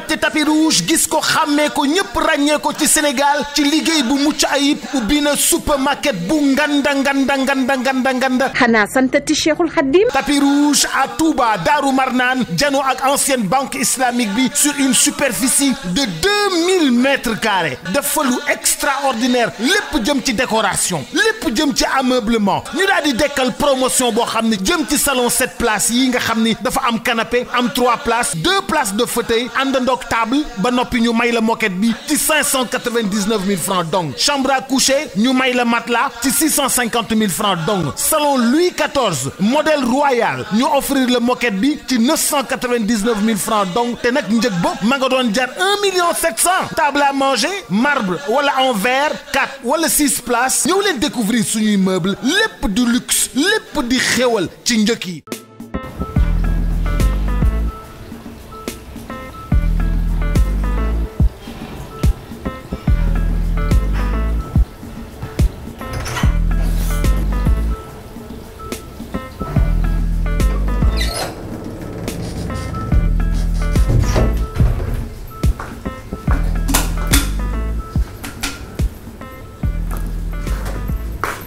laajte tapis rouge gis ko xàmmee ko ñëpp ràññee ko ci Sénégal ci liggéey bu mucc ayib ubbi na supermarket bu nganda nganda nganda nganda nganda. xanaa santati Cheikhul Khadim. tapis rouge à Touba Darou Marnaan jano ak ancienne banque islamique bi sur une superficie de deux mille mètres carrés dafa lu extraordinaire lépp jëm ci décoration lépp jëm ci ameublement ñu daal di dekkal promotion boo xam ne jëm ci salon sept places yi nga xam ni dafa am canapé am trois place deux places de fauteuil àndandoo. togg table ba noppi ñu may la mokket bi ci cent quatre-vingt-dix-neuf mille francs donc chambre à coucher ñu may la matelas ci six cinquante mille francs donc salon Louis XIV modèle royal ñu offrir la moquette bi ci neuf cent quatre vingt francs donc te nag njëg ba ma nga doon jar un million sept cent table à manger marbre wala en verre quatre wala six place ñëw leen découvrir suñuy meuble lépp du luxe lépp di xéwal ci njëkk yi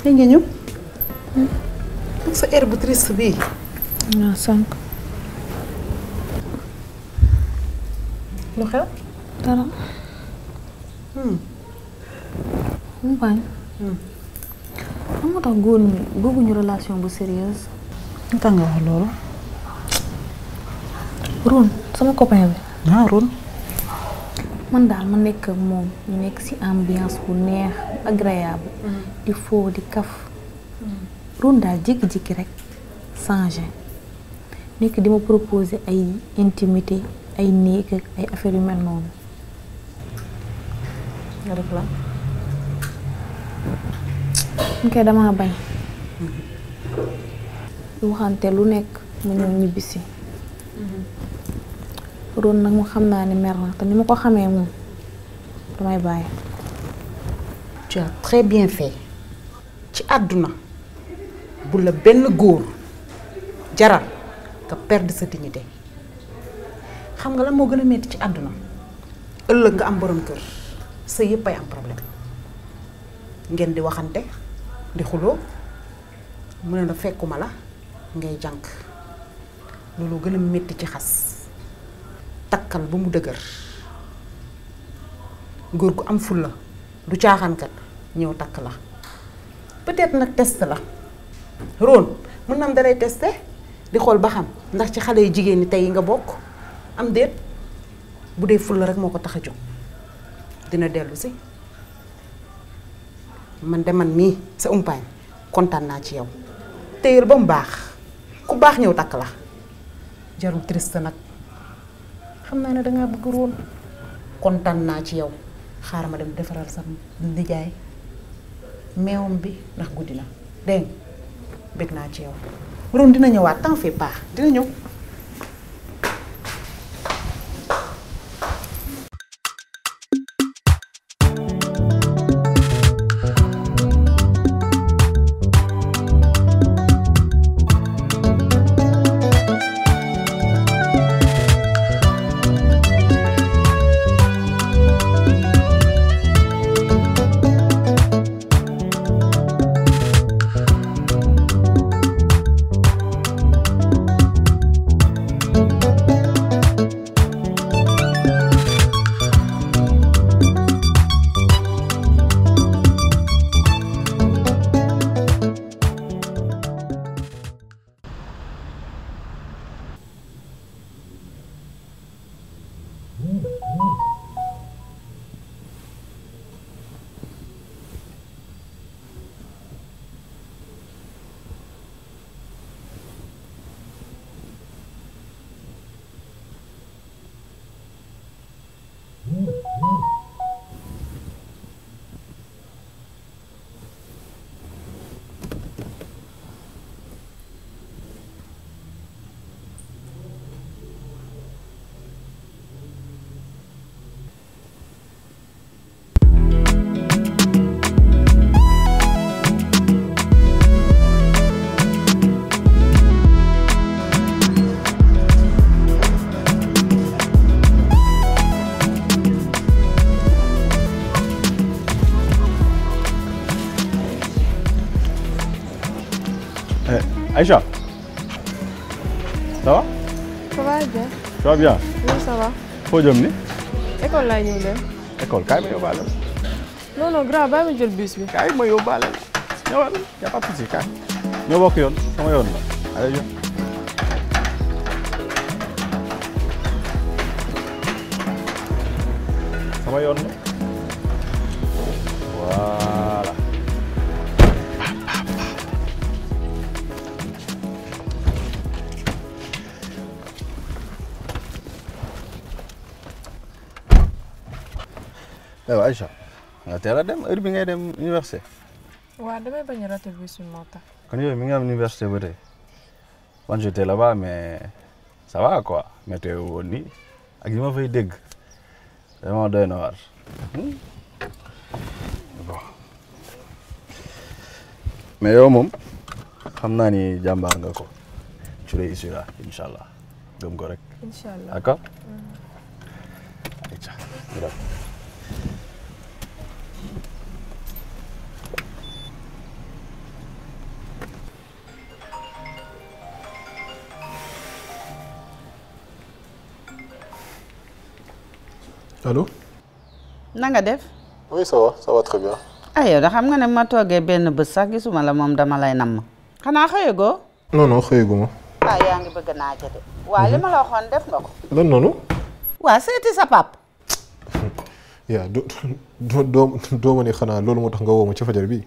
léegi nga ñëw. ak sa air ah, lu xew. dara. Hmm. mu bañ. Hmm. tax góor ñi bëgguñu relation bu sérieuse. nga tax nga wax loolu. Rune sama copain bi. ah Rune. man daal ma nekk moom ñu nekk ci ambiance bu neex. agréable di foo di kaf ron daal jékki-jékki rek changé nekk di ma proposer ay intimité ay néeg ay affaire yu mel noonu nga koy damaa bañ mm-hmm. waxante lu nekk mu ñëw ñibbisi mm-hmm. ron nag mu xam naa ne mer na te ni ma ko xamee moom damay bàyyi très bien fait ci àdduna bu la benn góor jaral nga perdre sa dignité xam nga lan moo gën a metti ci àdduna ëllëg nga am boroom kër sa yëpp ay am problème ngeen di waxante di xuloo mu ne la fekkuma la ngay jànk loolu gën a metti ci xas takkal bu mu dëgër góor gu am fulla du caaxaankat ñëw takk la peut-être nag test la rôle mën na am dalay testé di xool ba xam ndax ci xale yu jigéen ñi tey nga bokk am déet bu dee fulla rek moo ko tax a jóg dina dellu si man de man mii sa umpaañ kontaan naa ci yow téyel ba mu baax ku baax ñëw takk la jarul triste nag xam naa ne dangaa bëgg rôle kontaan naa ci yow xaaral ma dem defaral sa nijaay meewam bi ndax guddi na dégg nga naa ci yow. Ron dina ñëwaat t'en fais pas dina ñëw. bien. oui ça va. foo jëm ni école laay ñëw dem. école kaay ma non non grand bàyyi ma jël bus bi. kaay ma yóbbaale la. ñëwal y a pas de souci kaay. ñoo bokk yoon sama yoon la allez yoon. sama yoon aywa Aïcha teel a dem heure bi ngay dem université. waaw damay bañ a raté bus bi moo tax. kon yooyu mi ngi am université ba tey man j'étais là-bas mais ça va quoi mais tey woon ak li ma fay dégg vraiment doy na waar. Hmm? bon mais yow moom xam naa ni jàmbaar nga ko tu réussiras incha allah gëm ko rek. incha allo. nanga def. oui ça va ça va très bien. Ah, xam nga ne ma toogee benn bés sax gisuma la moom dama lay nam ma. xanaa xëyagoo. non non xëyaguma. ah yaa ngi bëgg naa nga ko. lan ci fajar bi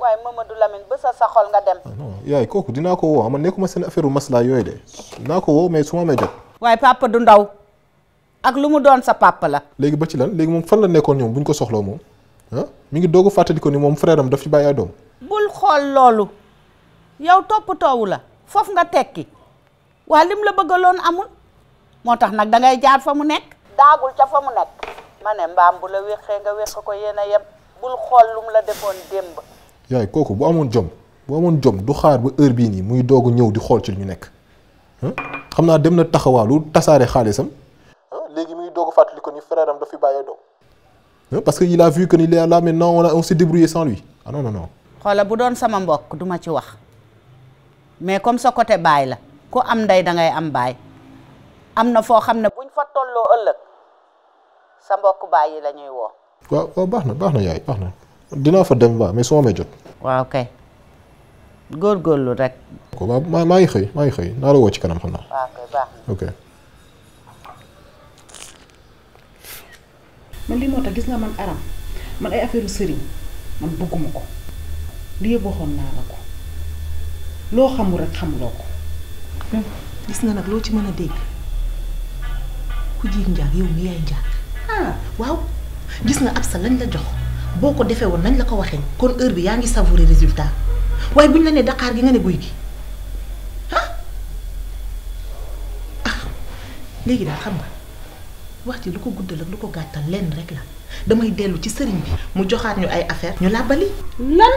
waaye Mamadou Lamine ba sa xol nga dem. Ah, yaay kooku dinaa ko woo ama nekkuma seen affaire maslaa yooyu de naa ko woo mais su ma may jot. waaye papa du ndaw. ak lu mu doon sa papa la. léegi ba ci lan léegi moom fan la nekkoon ñoom bu ñu ko soxloo moom ah mi ngi doog fàttaliku fàttali ni moom frère am daf ci bàyyi ay doom. bul xool loolu yow toppatoowu la foofu nga tekki waa lim la bëggaloon amul moo tax nag dangay ngay jaar fa mu nekk. daagul ca fa mu nekk. ma ne mbaam bu la wéqee nga wéq ko yéen a bul xool lu mu la defoon démb. yaay kooku bu amoon jom bu amoon jom du xaar ba heure bii nii muy doog ñëw di xool ci li ñu nekk xam naa dem na taxawaalu tasaare xaalisam. léegi muy ngi doog a fàttali ko ni frère am dafi bàyyee doom. parce que il a vu que ni là maintenant on a on s'est débrouillé sans lui ah non non non. bu doon sama mbokk duma ci wax mais comme sa côté baay la ku am ndey da am baay am na foo xam ne buñ fa tolloo ëllëg sa mbokk baay yi la ñuy woo. waaw waaw baax na baax na yaay baax na dinaa fa dem ba mais soo amee jot. waaw kay góorgóorlu rek. waaw maa maa ngi xëy maa ngi xëy naa la woo ci kanam xam man li moo tax gis nga man aram man ay affaire sëriñ man bëgguma ko li yëpp waxoon naa la ko loo xamul rek xamuloo ko hmm. gis nga nag loo ci mën a dégg ku jiig njaag yow mi yaay njaag ah. waaw gis nga ab sa lañ la jox boo ko defee woon lañ la ko waxee kon heure bi yaa ngi savouré résultat waaye buñ la ne daqaar gi nga ne guy gi ah ah léegi daal xam nga wax ci lu ko guddal ak lu ko gàttal lenn rek la damay dellu ci sëriñ bi mu joxaat ñu ay affaire ñu làbbali lan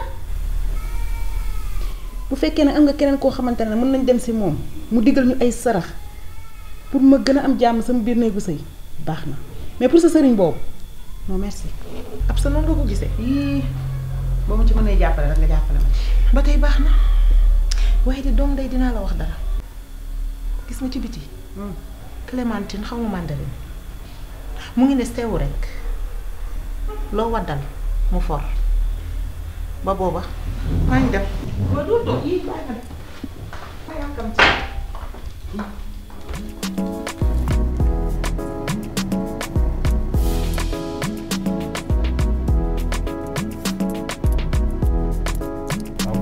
bu fekkee ne am nga keneen koo xamante ne mën nañ dem si moom mu digal ñu ay sarax pour ma gën a am jàmm sama biir néegu sëy baax na mais pour sa sëriñ boobu moo merci ab sa noonu nga ko gisee ba mu ci mënee jàppale rek nga jàppale ma ba tey baax na waaye di doom day dinaa la wax dara gis nga ci biti hmm. Clémentine xaw ma mandarin mu ngi ne sew rek loo waddal mu for ba booba maa ngi dem.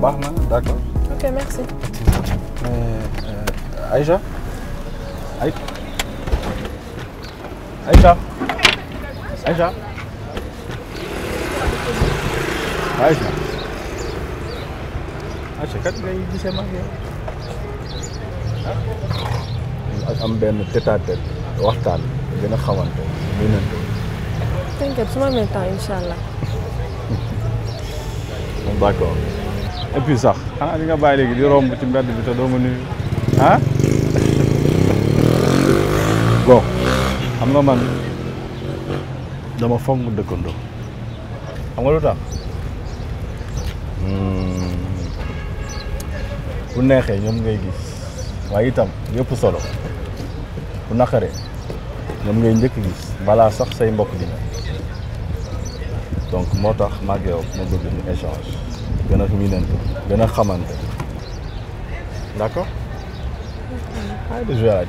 Ah, baax merci. Euh, euh, Aïcha Aïcha Aïcha kat ngay ah. am benn tête à tête waxtaan gën a xamante ñu nante t'inquiète su ma amee temps incha allah d' sax xanaa di nga bàyyi léegi di romb ci mbedd bi te doo ma nuyu ah? bon xam nga man dama fonk dëkkandoo xam nga lu tax hmm. bu neexee ñoom ngay gis waaye itam yëpp solo bu naqaree ñoom ngay njëkk gis balaa sax say mbokk di ñëw donc moo tax mag yow ma bëgg ñu échange gën a miinante gën a xamante d'accord. Arrête de jouer à la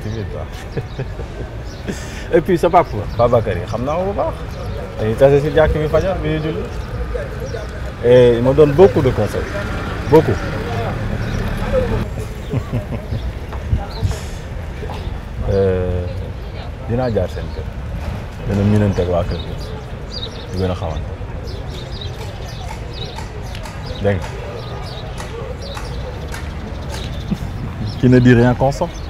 et puis sa papa. Babacar yi xam naa ko bu baax. dañuy tase si jàkk bi fajar bi ñuy julli. et il me de conseils beaucoup. Euh, dinaa jaar seen kër. gën a miinanteeg di gën a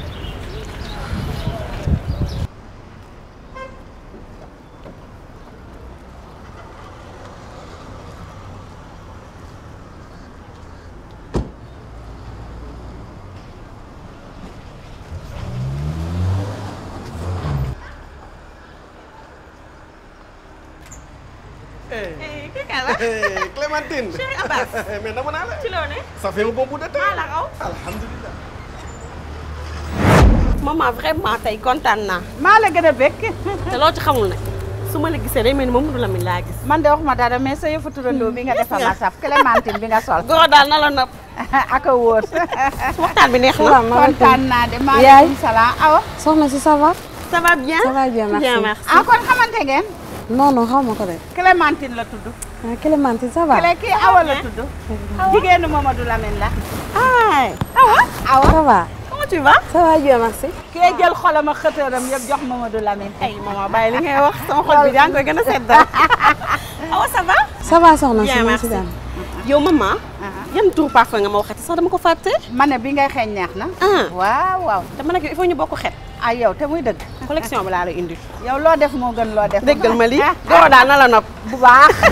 maa tey kontaan naa. maa la gën a bekk. loo ci xamul nag su ma la gisee day mel ni Mamadou Lamine laa gis. man de waxuma dara mais sa yëfu turandoo bi nga defal ma saf clémentine bi nga sol. góor daal na la nopp. ak a wóor. waxtaan bi neex na kontaan naa de. maa ngi salaam awa. soxna si ça va. bien ça va bien merci. bien ah, ma ko de. la tudd. ah clémentine awa la la. tu vas. ça va bien merci. kee jël xolam ak xëtëram yëpp jox Mamadou Lamine. ay maman bàyyi li ngay wax sama xol bi yaa ngi gën a sedd. awa ça va. ça va soxna si merci yow maman. Uh-huh. yan tur parfum nga ma waxati sax dama ko fàtte. ma bi ngay xeeñ neex na. Ah. waaw waaw te man ak il faut ñu bokk xet. ay ah, yow te muy dëgg. collection bi laa la indil. yow loo def moo gën loo def. déggal ma lii. doo ah. daal na la nopp bu baax.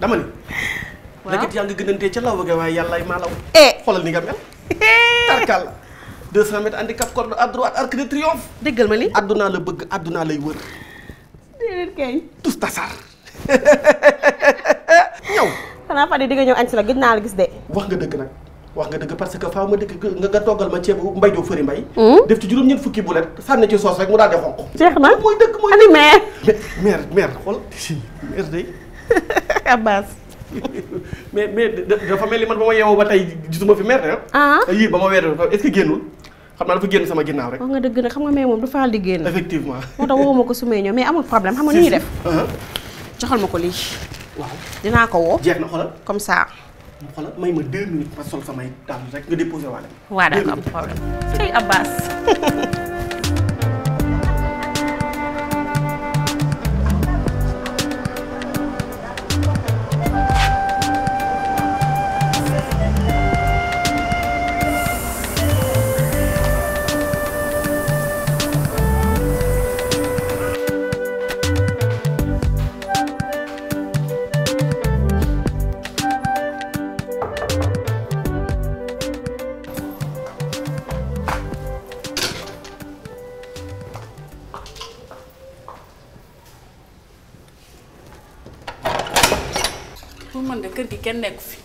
dama ni. waaw léegi ca law yàlla ay maa law. Eh. xoolal ni nga mel. tarkal la 200 mètres handicap corde à droite arc de triomphe. dëggal ma li àdduna la bëgg àdduna lay wër. déedéet kay. tous tasaar. ñëw. xanaa Fadi di nga ñëw añ si la gis naa la gis de. wax nga dëgg nag. wax nga dëgg parce que faaw ma dëkk nga toggal ma ceebu mbay doo fëri mbay. Hmm? def ci juróom-ñeent fukki bu leen sànni ci soos rek mu daal di xonq. jeex na mooy dëkk mooy. ani maire. maire Abbas. mais mais dafa mel ni man ba ma yeewoo ba tey gisuma fi mer ah. yii ba ma weer est-ce que génnul. xam naa dafa génn sama ginnaaw rek. wax nga dëgg nag xam nga mais moom du faral di génn. effectivement moo tax woo ma ko su may ñëw mais amul problème xam nga nu def. Ah, ah. joxal ma ko lii. waaw dinaa ko woo. na xoolal comme ça. xoolal may ma deux minutes ma sol samay dàll rek nga déposé waale. waaw daa ko am problème. tey Abbas.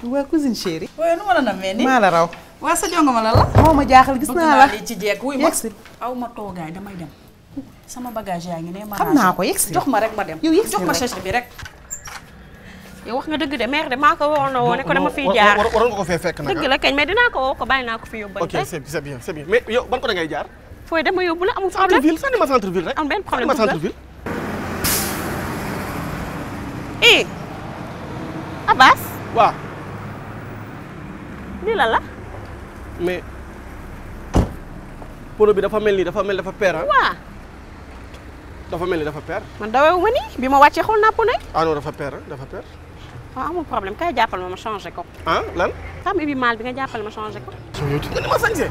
waa cousine chérie. waaye nu ma la namee nii maa la raw. waa sa jongoma la la. moo ma jaaxal gis naa la bëgg ci jeeg wuy ma aw ma toogaay damay dem. sama bagage yaa ngi ne ma. xam naa ko yegsi jox ma rek ma dem. yow bi rek. yow wax nga dëgg de mère de maa ko waroon a woo ne ko dama fiy jaar waroon nga ko fekk nag ah? fi yóbbu. ok c'est bien c'est bien mais yow ban ko da ngay jaar. fooy dama yóbbu am benn problème ma centre ville. Eh! Abbas. lii la mais pono bi dafa mel ni dafa mel dafa peer waaw. dafa mel ni dafa per man dawewu ma nii bi ma wàccee xool naa pono yi. ah non dafa peer dafa peer. waaw ah, amul problème kay jàppal ma ma changé ko. ah lan. tam ibi maal bi nga jàppal ma changé ko. soo nga ni ma sañse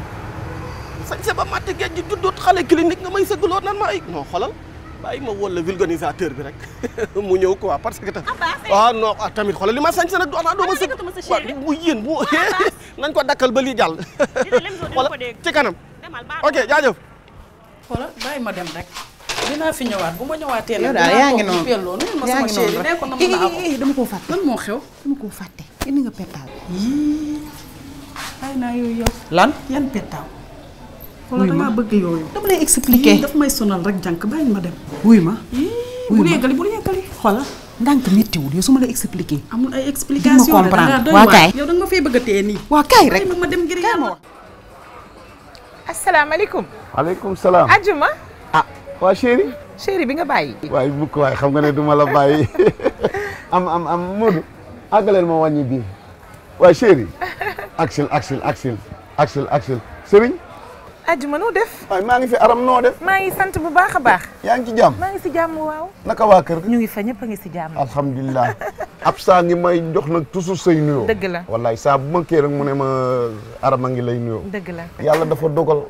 sañse ba matt géej gi juddut xale clinique nga may sëgg lool nan ma ay. non xoolal. bàyyi ma wóol la vulgarisateur bi rek mu ñëw quoi parce que. Ah, ah non ah tamit xoolal li ma sañ sa nag. ah doo ma sëg ah, waaw bu yéen bu. Ah, nañ ko dakkal ba lii jàll. wala ci kanam. ok jaajëf. xoolal bàyyi ma dem rek. dinaa fi ñëwaat bu ma ñëwaatee. yow daal yaa ngi noonu yaa ngi noonu rek eh, eh, eh, dama koo fàtte. lan moo xew dama koo fàtte. indi nga pettaaw. yii bàyyi naa yooyu yow. lan yan pettaaw. wala dangaa bëgg yooyu. dama lay expliquer daf may sonal rek jànk bàyyi ma dem. wuy ma wuy ma bu yeggali bu yeggali xoolal. ndànk méttiwul yow su ma la expliqué amul ay explication ma da ma fay bëgg a nii. waa kaay rek ma dem ngir yàlla wax. salaam. ajuma. Ah, bi nga bàyyi. waaye bu ko xam nga ne du ma la bàyyi am am am Modou àggaleel ma wàññi bii waaye chéri. ajjuma noo def. waay maa ngi fi aram noo def. maa ngi sant bu baax a baax. yaa ngi ci jàmm maa ngi si jàmm waaw. naka waa kër ñu ngi fa ñëpp a ngi si jàmm. alhamdulilah ab saa ngi may jox nag toujours say nuyoo. dëgg la wallaay saa bu ma kii rek mu ne ma aram a ngi lay nuyoo. dëgg la yàlla dafa dogal.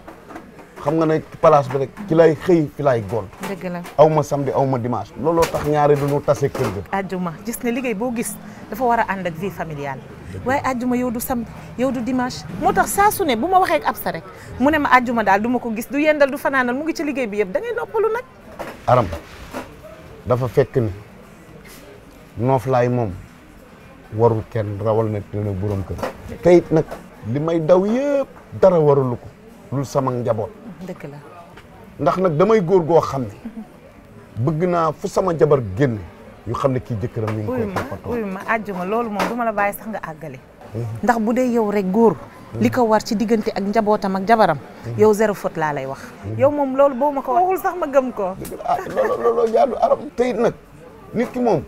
xam nga ne place bi rek ki lay xëy fi lay gont dëgg la aw ma samedi aw ma dimanche looloo tax ñaari duñu tase kër ga ajjuma gis ne liggéey boo gis dafa war a ànd ak vie familiale waaye ajjuma yow du samedi yow du dimanche moo tax saa su ne bu ma waxee ak Absa rek mu ne ma ajjuma daal du ma ko gis du yendal du fanaanal mu ngi ci liggéey bi yëpp da ngay noppalu nag aram dafa fekk ni noof laay moom warul kenn rawal na te nag borom kër te nag li may daw yëpp dara ko lul njaboot dëgg la ndax nag damay góor goo xam ne bëgg naa fu sama jabar génn ñu xam ne kii jëkkëram ñu ngi koy toppatoo ma àjjuma loolu moom du ma la bàyyi sax nga àggale mhm. ndax bu dee yow rek góor li ko war ci diggante ak njabootam ak jabaram mhm. yow zéro faute laa lay wax mhm. yow moom loolu boo ma ko waxul sax ma gëm ko ah jaadu arab ah, tey nag nit ki moom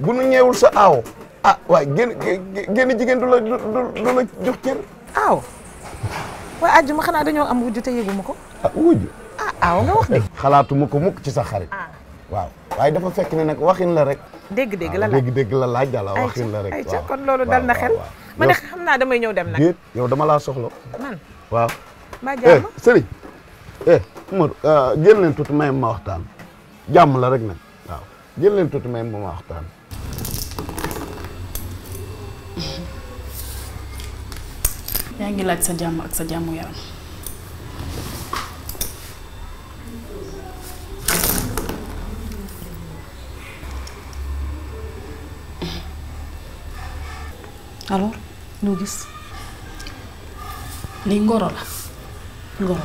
bu nu ñeewul sa aaw ah waaye génn génn jigéen du waaye àjjuma xanaa dañoo am wujju te yëguma ko. ah wujju. ah aw ah, nga wax de. xalaatuma ko mukk ci sa xarit. Ah. waaw waaye dafa fekk ne nag waxin la rek. dégg-dégg ah, la laaj dégg la laaj daal la rek. waaw ayca kon loolu dal na xel. ma ne xam naa damay ñëw dem nag. déet dama laa soxla. man waaw. mbaa jàmm eh, eh, Umar jël leen tuuti may ma waxtaan jàmm la rek nag jël leen tuuti may ma waxtaan. yaa ngi laaj sa jàmm ak sa jàmmu yaram alors loo gis li ngoro la ngoro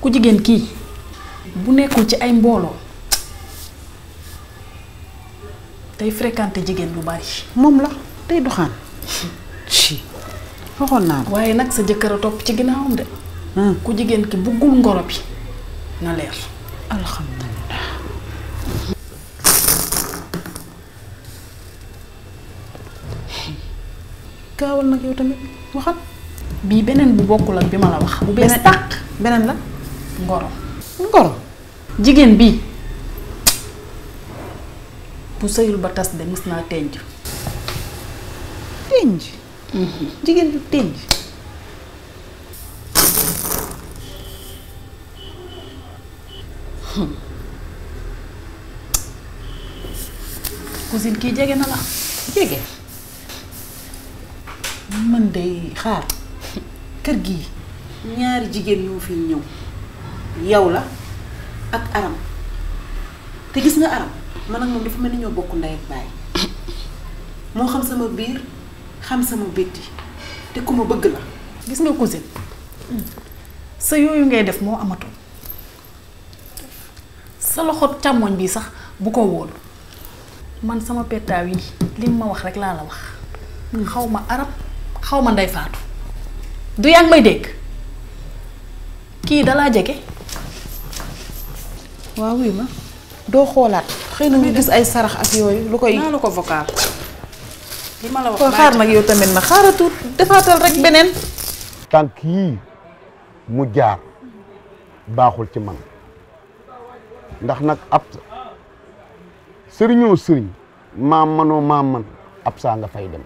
ku jigéen kii bu nekkul ci ay mbooloo day fréquenter jigéen lu bari moom la tey doxaan ci naa ko. waaye nag sa jëkkër a topp ci ginnaawam de. Hmm. ku jigéen ki buggul ngoro bi na leer. alhamdulilah. gaawal nag yow tamit waxat. bii beneen bu bokkul ak bi ma la wax. bu bees tàq beneen la. ngoro. ngoro. jigéen bii bu sëyul ba tas de mës naa tenj. tënj. jigéen du tënj. cousine kii jege na la jege man day xaar kër gi ñaari jigéen ñoo fi ñëw yow la ak aram te gis nga aram man ak moom dafa mel ni ñoo bokk ndey ak baay moo xam sama biir xam sama bétti te ku ma bëgg la. gis nga cousine sa yooyu ngay def moo amatul sa loxo càmmoñ bi sax bu ko wóolu man sama pettaaw yi li ma wax rek laa la wax xaw ma arab xaw ma ndey faatu du yaa ngi dégg kii dalaa jege waaw oui ma doo xoolaat xëy na nga gis ay sarax ak yooyu lu koy naa la ko vocal li ma la wax xaar nag yow tamit na xaaratul defaatal rek beneen. tànk yii mu jaar baaxul ci man ndax nag ab sëriñoo sëriñ maam manoo maam man ab saa nga fay dem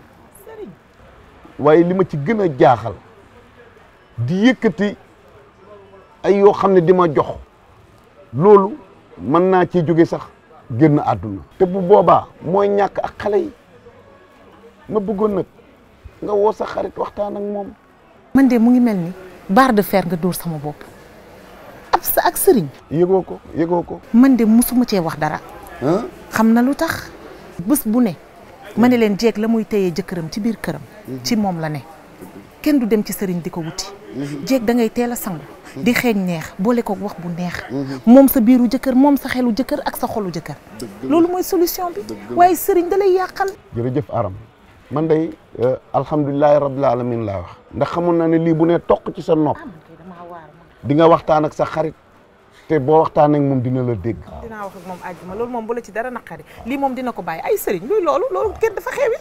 waaye li ma ci gën a jaaxal di yëkkati ay yoo xam ne di ma jox loolu mën naa ci jóge sax génn àdduna te bu boobaa mooy ñàkk ak xale yi ma bëggoon nag nga woo sa xarit waxtaan ak moom. man de mu ngi mel ni barre de fer nga dóor sama bopp ab sa ak sëriñ. yëgoo ko yëgoo ko. man de musuma cee wax dara. xam na lu tax bés bu ne ma ne hmm. leen jeeg la muy téyee jëkkëram ci biir këram. Hmm. ci moom la ne. kenn du dem ci sëriñ di ko wuti. Hmm. jeeg da ngay teel a sangu. di xeeñ neex boole ko wax bu neex. moom sa biiru jëkkër moom sa xelu jëkkër ak sa xolu jëkkër. loolu mooy solution bi. waaye sëriñ da lay yàqal. jërëjëf Aram. man day euh, alhamdulilahi rabbil alamin laa wax ndax xamoon naa ne lii bu ne toq ci sa nopp di nga waxtaan ak sa xarit te boo waxtaan ak moom dina la dégg dinaa wax ak moom àjjuma loolu moom bu la ci dara naqari lii moom dina ko bàyyi ay sëriñ luy loolu loolu kenn dafa xewi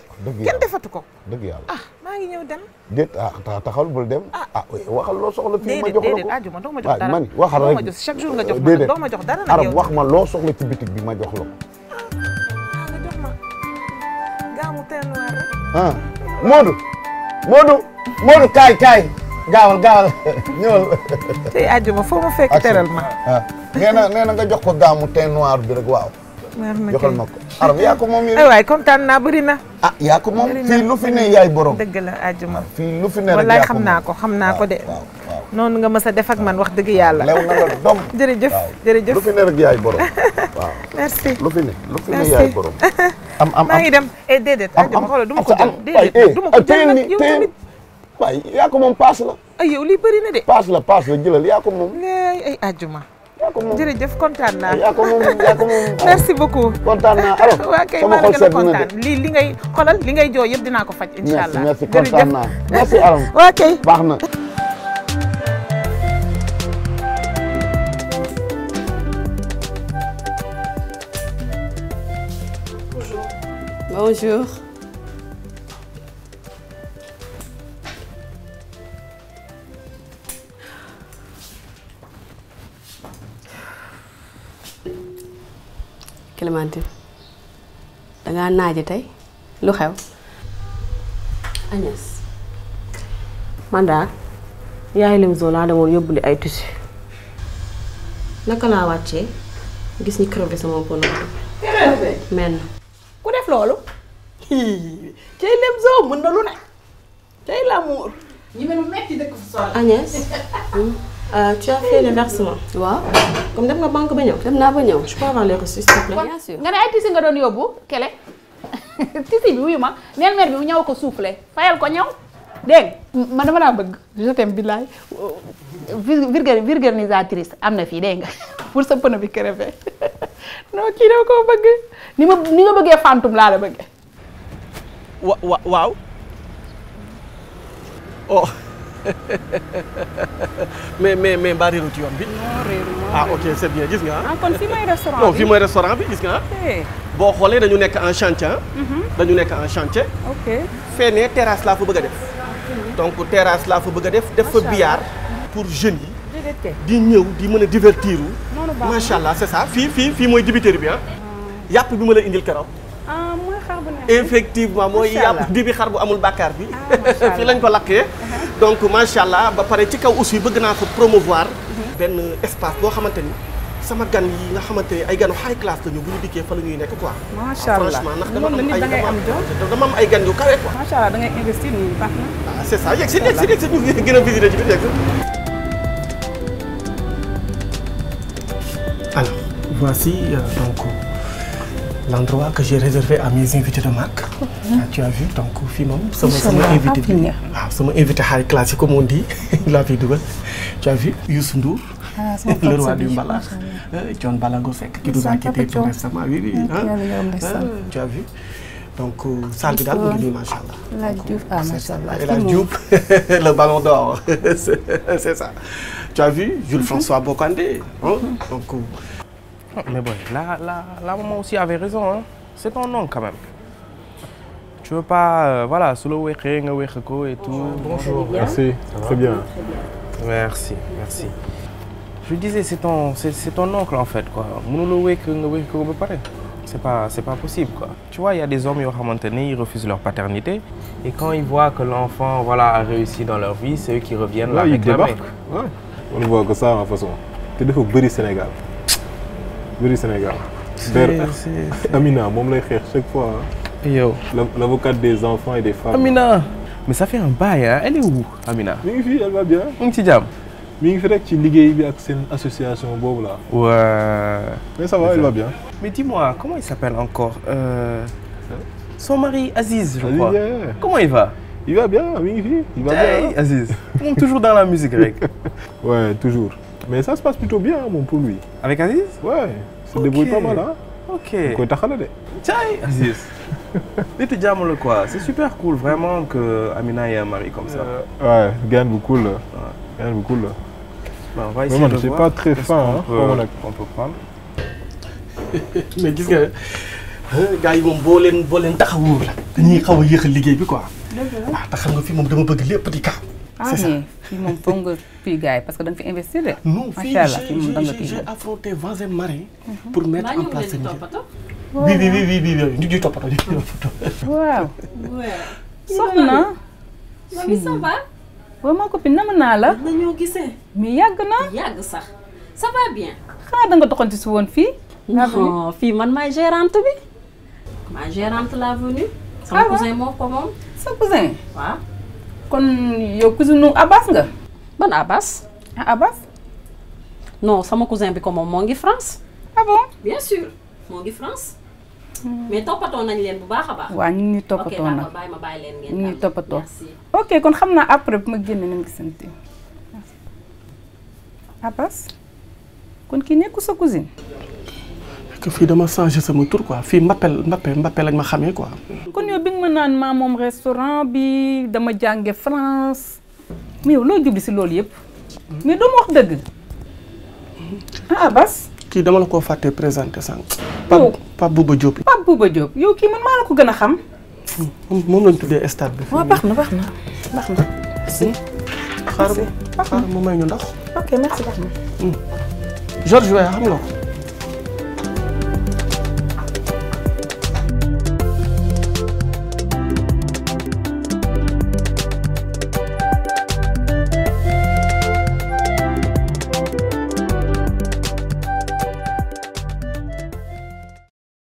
kenn defatu ko dëgg yàlla ah maa ngi ñëw dem déet ah taxal bul dem ah, ah waxal loo soxla fii ma jox la ko àjjuma doo ma jox dara man waxal rek chaque jour nga jox ma doo ma jox dara arab wax ma loo soxla ci bi ma jox la ah Modou Modou Modou kaay kaay gaawal gaawal ñëwal. tey àjjuma foo ma fekk teral ma. ah nee na nee na nga jox ko gaamu tey noir bi rek waaw. joxal ma ko aram yaa ko moom yéen. waay kontaan naa bëri na. a ah, yaa ko moom fii lu fi ne yaay borom. dëgg la àjjuma ah, fii lu xam naa ko xam naa ko de. Ah, noonu nga mës a def man wax dëgg yàlla. lew na la dom jërëjëf jërëjëf lu fi ne rek yaay borom. waaw lu fi ne lu fi ne yaay borom. am am maa ngi dem eh, déedéet ay dem xoolal du ma ko jël déedéet du ma ko jël nag yow tamit waay yaa ko moom paas la ay yow lii bëri na de paas la paas la jëlal yaa ko moom laay ay ajjuma yaa ko moom jërëjëf kontaan naa yaa ko moom yaa ko moom merci beaucoup kontaan naa alors waa kay maa ngi gën a kontaan lii li ngay xoolal li ngay jooy yëpp dinaa ko faj incha allah merci merci kontaan naa merci alors waa kay baax na Bonjour. Clémentine dangaa naaje tey lu xew Agnès man daal yaay Lemzo laa demoon yóbbuli ay tissu naka laa wàccee gis ni crevé sama pono men ku def loolu cay lem mën na lu ne cay l'amour. ñu hmm. euh, le versement. waaw comme dem nga banque ba ñëw. dem naa ba ñëw je peux avoir les reçus s'il te plaît. bien sûr nga ne ay tisi nga doon yóbbu Kelle tisi bi wuyu ma neel bi mu ñëw ko soufflé fayal ko ñaw dégg man dama laa bëgg je t'aime billaay vir virganisatrice am na fii dégg nga pour sa pneu bi crevé non kii dama koo bëgg ni ma ni nga bëggee fantôme laa la bëggee. wa wa waaw oh mais mais mais mbaa réeru ci yoon bi. ah ok c' est bien gis nga ah. kon fii mooy restaurant bi non nga ah. boo xoolee dañu nekk en chantier mhm. dañu nekk en chantier. ok fenee terrasse laa fa bëgg a def. donc terrasse laa fa bëgg a def def fa billard pour jeunes yi. di ñëw di mën a divertir. macha allah c' ça fii fii fii mooy dibiterie bi ah. ah. yàpp bi ma la indil keroog. effectivement mooy yàpp di bi xar bu amul bàkkaar bi ah, fii lañ ko lakkee donc macha allah ba pare ci kaw aussi bëgg naa ko promouvoir benn espace boo xamante ni sama gan yi nga xamante ne ay ganu high class lañu bu ñu dikkee fa la nekk quoi. macha ah, allah franchement ndax dama am ay dama am ay gan yu kawe quoi. macha allah da ngay nii baax na. Ah, c'est ça yegg si yegg si yegg si ñu gën a visiter ci l'endroit que j'ai réservé à mes invités de marque. Mhm. Ah, tu as vu donc fii moom. sama ah, sama invité bi waaw sama invité high class yi comme on dit laa tu as vu Youssou Ndour. Ah, sama le roi du mbalax. Thione euh, Ballago Seck. qui nous a quitté tout récemment oui oui. Euh, tu as vu. donc euh, salle bi daal mu ngi la Diouf le ballon d'or c'est ça. tu as vu Jules mhm. François Bocandé. Mhm. donc. Non, mais bon, là, là, là, maman aussi avait raison, hein. C'est ton nom quand même. Tu veux pas, euh, voilà, solo et tout. Bonjour. Merci, très bien. Merci, merci. Je disais, c'est ton, c'est, ton oncle en fait, quoi. C'est pas, c'est pas possible, quoi. Tu vois, il y a des hommes, ils refusent leur paternité. Et quand ils voient que l'enfant, voilà, a réussi dans leur vie, c'est eux qui reviennent là. Ils débarquent. Ouais. On ne voit que ça, en façon. Tu es au Sénégal. mbiru Sénégal. si Amina moom lay xeex chaque fois. yow l'avocate des enfants et des femmes. Amina mais ça fait un bail hein elle est où Amina. mi ngi fi elle va bien. mi ngi ci jàmm. mi ngi fi rek ci liggéey bi ak seen association boobu là. waaw. mais ça va elle va bien. mais dis-moi comment il s'appelle encore. Euh... son mari Aziz. je crois Aziz, va. il va bien mi ngi dans la musique rek. ouais toujours. mais ça se passe plutôt bien moom pour lui. avec Aziz. ouais se débrouille pas mal ah. ok da koy taxale de. caay Aziz. nitu jàmm la super cool vraiment que Amina ait un mari comme ça. waaw gain bu cool la. waaw gain bu pas très fin ah. on peut prendre. mais gis nga gars yi moom boo leen boo leen taxawoo la xaw a liggéey bi quoi. dëgg ah, fi moom dama bëgg lépp di kaaw. ah mais fii moom foog yi parce que da nga fi investir de. macha allah fii moom da nga non fii j'ai affronté mhm. pour mettre en place seen bi bi waaw. soxna. mami ça va. waaw ma naa la. nañoo gisee. yàgg na. yàgg sax ça va bien. xanaa da nga si woon fii. non fii man maay gérante bi. maa gérante la venue. Ah sama cousin moo ko sa cousin kon yow cousinu Abbas nga. ban Abbas. ah Abbas. non sama cousin bi ko moom moo ngi France. ah bon bien sûr moo ngi France. mais toppatoo nañ leen bu baax a baax. waaw ñu ngi toppatoo nag ok bàyyi ma bàyyi leen ngeen. ñu ngi toppatoo ok kon xam naa après bu ma génne nañ gisante. Abbas kon kii nekku sa cousine. que fii dama changé sama tur quoi fii Mbappé Mbappé Mbappé lañ ma xamee quoi. naan maa moom restaurant bi dama jànge France mais yow loo jubli si loolu yëpp mais doo wax dëgg ah Abbas kii dama la koo fàtte présenté sànq Pape Pape Bouba Diop Pape yow kii man maa la ko gën a xam moom lañ tuddee stade bi waaw baax na baax na mu may ñu ndax ok merci baax na hmm. Georges Weah xam nga